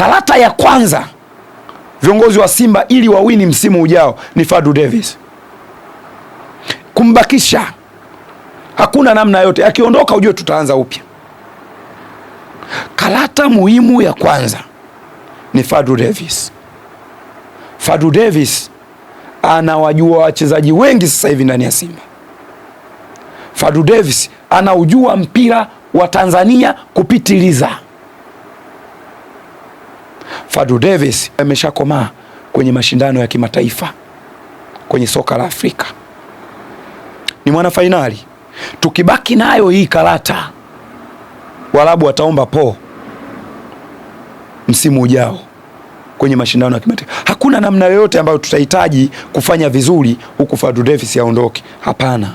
Karata ya kwanza viongozi wa Simba ili wawini msimu ujao ni Fadu Davis, kumbakisha hakuna namna yote, akiondoka ujue tutaanza upya. Karata muhimu ya kwanza ni Fadu Davis. Fadu Davis anawajua wachezaji wengi sasa hivi ndani ya Simba. Fadu Davis anaujua mpira wa Tanzania kupitiliza. Fadu Davis ameshakomaa kwenye mashindano ya kimataifa kwenye soka la Afrika, ni mwana fainali. Tukibaki nayo hii karata, Waarabu wataomba po msimu ujao kwenye mashindano ya kimataifa. Hakuna namna yoyote ambayo tutahitaji kufanya vizuri huku Fadu Davis aondoke. Hapana,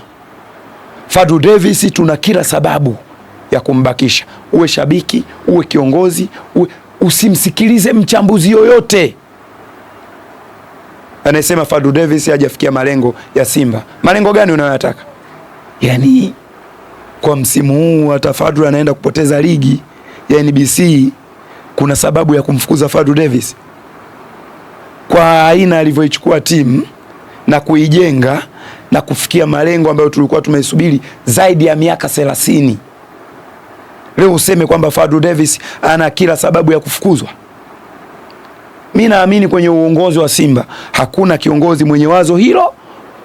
Fadu Davis tuna kila sababu ya kumbakisha, uwe shabiki, uwe kiongozi, uwe usimsikilize mchambuzi yoyote anayesema Fadu Davis hajafikia malengo ya Simba. Malengo gani unayoyataka? Yaani kwa msimu huu hata Fadu anaenda kupoteza ligi ya NBC, kuna sababu ya kumfukuza Fadu Davis kwa aina alivyoichukua timu na kuijenga na kufikia malengo ambayo tulikuwa tumeisubiri zaidi ya miaka thelathini leo useme kwamba Fadlu Davis ana kila sababu ya kufukuzwa. Mi naamini kwenye uongozi wa Simba hakuna kiongozi mwenye wazo hilo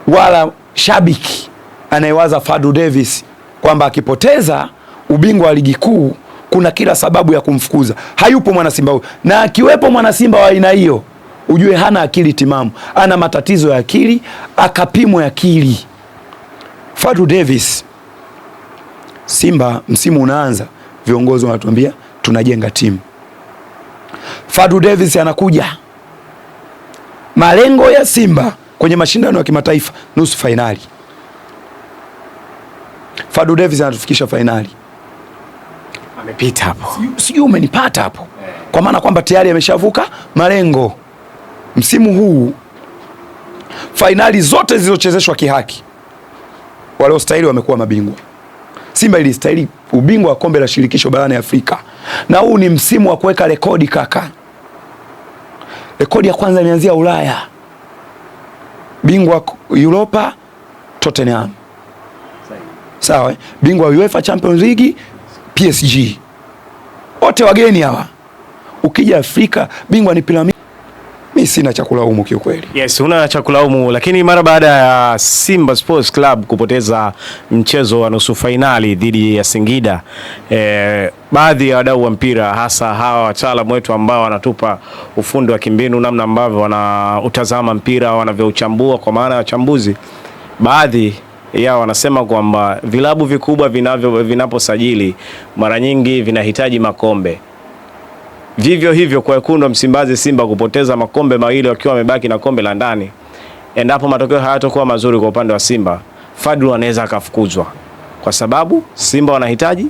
wala shabiki anayewaza Fadlu Davis kwamba akipoteza ubingwa wa ligi kuu kuna kila sababu ya kumfukuza. Hayupo mwanasimba huyo, na akiwepo mwanasimba wa aina hiyo, ujue hana akili timamu, ana matatizo ya akili, akapimwe akili. Fadlu Davis, Simba msimu unaanza viongozi wanatuambia tunajenga timu. Fadu Davis anakuja, malengo ya Simba kwenye mashindano ya kimataifa nusu fainali. Fadu Davis anatufikisha fainali, amepita hapo, sijui umenipata hapo, kwa maana kwamba tayari ameshavuka malengo. Msimu huu fainali zote zilizochezeshwa kihaki, waliostahili wamekuwa mabingwa. Simba ilistahili ubingwa wa kombe la shirikisho barani Afrika, na huu ni msimu wa kuweka rekodi kaka. Rekodi ya kwanza imeanzia Ulaya, bingwa Europa Tottenham, sawa. Eh? Bingwa UEFA Champions League PSG, wote wageni hawa. Ukija Afrika bingwa ni piramidi sina cha kulaumu kiukweli. Yes, una cha kulaumu, lakini mara baada ya Simba Sports Club kupoteza mchezo wa nusu fainali dhidi ya Singida eh, baadhi ya wadau wa mpira hasa hawa wataalamu wetu ambao wanatupa ufundi wa kimbinu, namna ambavyo wanautazama mpira wanavyouchambua, kwa maana ya wachambuzi, baadhi ya wanasema kwamba vilabu vikubwa vinaposajili mara nyingi vinahitaji makombe Vivyo hivyo kwa wekundu wa Msimbazi, Simba kupoteza makombe mawili wakiwa wamebaki na kombe la ndani, endapo matokeo hayatokuwa mazuri kwa upande wa Simba, Fadlu anaweza akafukuzwa, kwa sababu Simba wanahitaji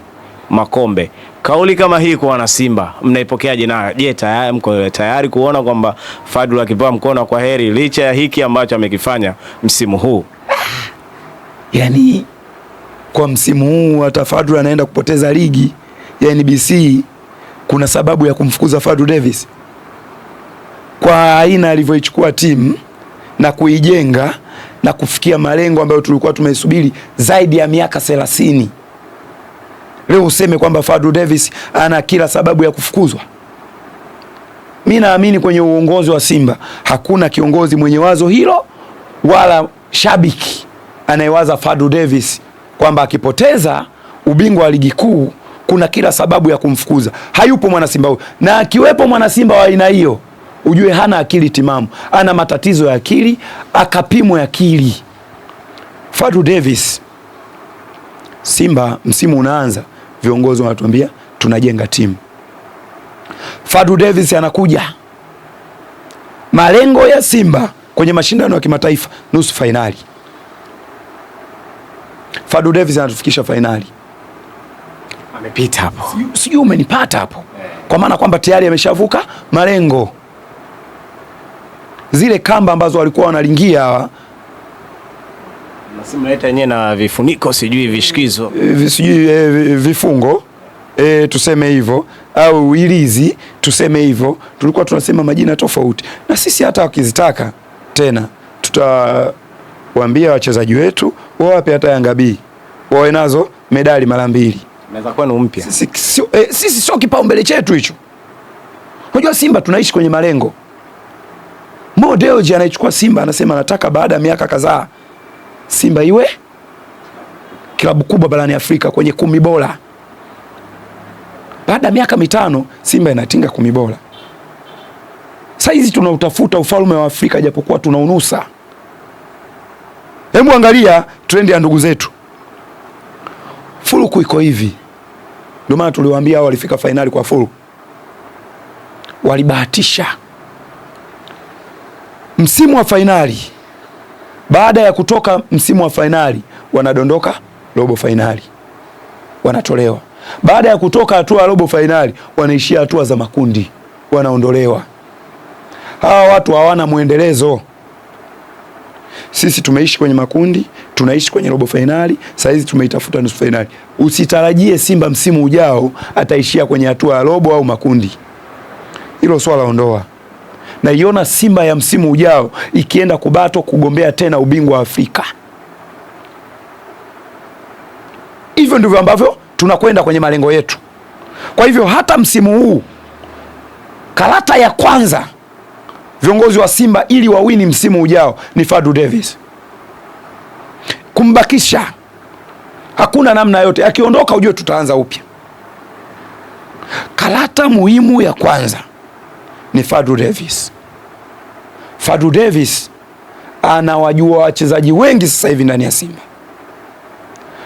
makombe. Kauli kama hii kwa wana Simba mnaipokeaje? Na je, tayari mko tayari kuona kwamba Fadlu akipewa mkono kwa heri licha ya hiki ambacho amekifanya msimu huu? Yani kwa msimu huu hata Fadlu anaenda kupoteza ligi ya yaani NBC kuna sababu ya kumfukuza Fadu Davis kwa aina alivyoichukua timu na kuijenga na kufikia malengo ambayo tulikuwa tumeisubiri zaidi ya miaka thelathini. Leo useme kwamba Fadu Davis ana kila sababu ya kufukuzwa. Mi naamini kwenye uongozi wa Simba hakuna kiongozi mwenye wazo hilo wala shabiki anayewaza Fadu Davis kwamba akipoteza ubingwa wa ligi kuu kuna kila sababu ya kumfukuza. Hayupo mwanasimba huyo, na akiwepo mwanasimba wa aina hiyo, ujue hana akili timamu, ana matatizo ya akili, akapimwe akili. Fadlu Davis, Simba msimu unaanza, viongozi wanatuambia tunajenga timu. Fadlu Davis anakuja, malengo ya Simba kwenye mashindano ya kimataifa nusu fainali. Fadlu Davis anatufikisha fainali amepita hapo, sijui umenipata hapo, kwa maana kwamba tayari ameshavuka malengo. Zile kamba ambazo walikuwa wanalingia yenyewe na vifuniko sijui vishikizo eh, sijui e, vifungo e, tuseme hivyo au ilizi tuseme hivyo, tulikuwa tunasema majina tofauti, na sisi hata wakizitaka tena tutawaambia wachezaji wetu wawape hata Yanga B wawe nazo medali mara mbili. Naweza kuwa ni mpya. Eh, sisi sio kipaumbele chetu hicho. Unajua Simba tunaishi kwenye malengo. Mo Dewji anaichukua Simba anasema anataka baada ya miaka kadhaa Simba iwe klabu kubwa barani Afrika kwenye kumi bora. Baada ya miaka mitano Simba inatinga kumi bora. Saizi tunautafuta ufalme wa Afrika japokuwa tunaunusa. Hebu angalia trendi ya ndugu zetu, furuku iko hivi, ndio maana tuliwaambia hao walifika fainali kwa full, walibahatisha. Msimu wa fainali, baada ya kutoka msimu wa fainali, wanadondoka robo fainali, wanatolewa. Baada ya kutoka hatua ya robo fainali, wanaishia hatua za makundi, wanaondolewa. Hawa watu hawana mwendelezo. Sisi tumeishi kwenye makundi, tunaishi kwenye robo fainali, sasa hizi tumeitafuta nusu fainali. Usitarajie Simba msimu ujao ataishia kwenye hatua ya robo au makundi, hilo swala ondoa. Naiona Simba ya msimu ujao ikienda kubato kugombea tena ubingwa wa Afrika. Hivyo ndivyo ambavyo tunakwenda kwenye malengo yetu. Kwa hivyo hata msimu huu karata ya kwanza viongozi wa Simba ili wawini msimu ujao ni Fadu Davis. Kumbakisha hakuna namna yote, akiondoka ujue tutaanza upya. Karata muhimu ya kwanza ni Fadu Davis. Fadu Davis anawajua wachezaji wengi sasa hivi ndani ya Simba.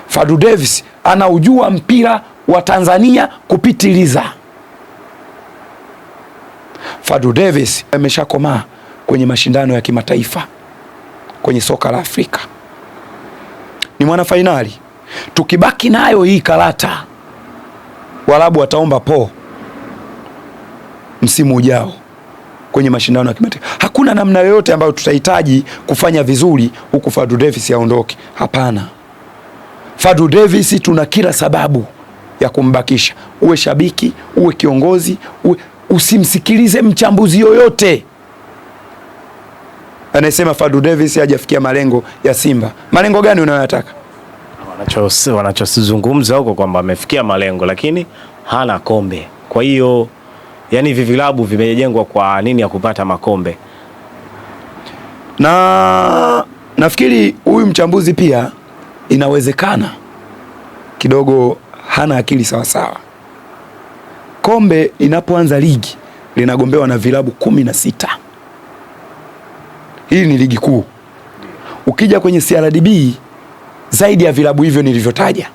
Fadu Davis anaujua mpira wa Tanzania kupitiliza. Fadu Davis ameshakomaa kwenye mashindano ya kimataifa kwenye soka la Afrika, ni mwana fainali. Tukibaki nayo hii karata, Waarabu wataomba po msimu ujao kwenye mashindano ya kimataifa. Hakuna namna yoyote ambayo tutahitaji kufanya vizuri huku Fadu Davis aondoke. Hapana, Fadu Davis tuna kila sababu ya kumbakisha, uwe shabiki, uwe kiongozi, uwe usimsikilize mchambuzi yoyote anayesema Fadu Davis hajafikia malengo ya Simba. Malengo gani unayoyataka? Wanachozungumza huko kwamba amefikia malengo lakini hana kombe, kwa hiyo yani hivi vilabu vimejengwa kwa nini ya kupata makombe? Na nafikiri huyu mchambuzi pia inawezekana kidogo hana akili sawasawa, kombe inapoanza ligi linagombewa na vilabu kumi na sita. Hili ni ligi kuu. Ukija kwenye CRDB zaidi ya vilabu hivyo nilivyotaja,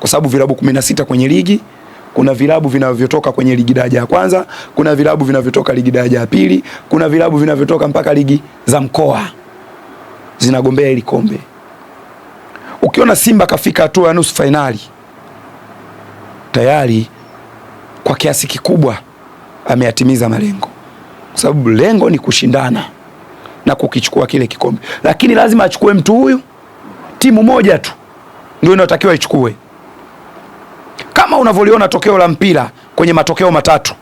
kwa sababu vilabu kumi na sita kwenye ligi kuna vilabu vinavyotoka kwenye ligi daraja ya kwanza, kuna vilabu vinavyotoka ligi daraja ya pili, kuna vilabu vinavyotoka mpaka ligi za mkoa zinagombea hili kombe. Ukiona Simba kafika hatua ya nusu fainali tayari kwa kiasi kikubwa ameyatimiza malengo, kwa sababu lengo ni kushindana na kukichukua kile kikombe, lakini lazima achukue mtu huyu. Timu moja tu ndio inayotakiwa ichukue, kama unavyoliona tokeo la mpira kwenye matokeo matatu,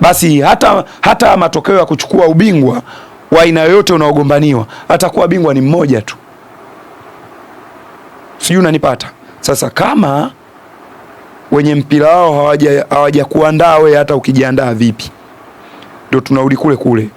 basi hata, hata matokeo ya kuchukua ubingwa wa aina yoyote unaogombaniwa atakuwa bingwa ni mmoja tu. Sijui unanipata sasa kama wenye mpira wao hawajakuandaa, hawaja wewe, hata ukijiandaa vipi, ndio tunarudi kule kule.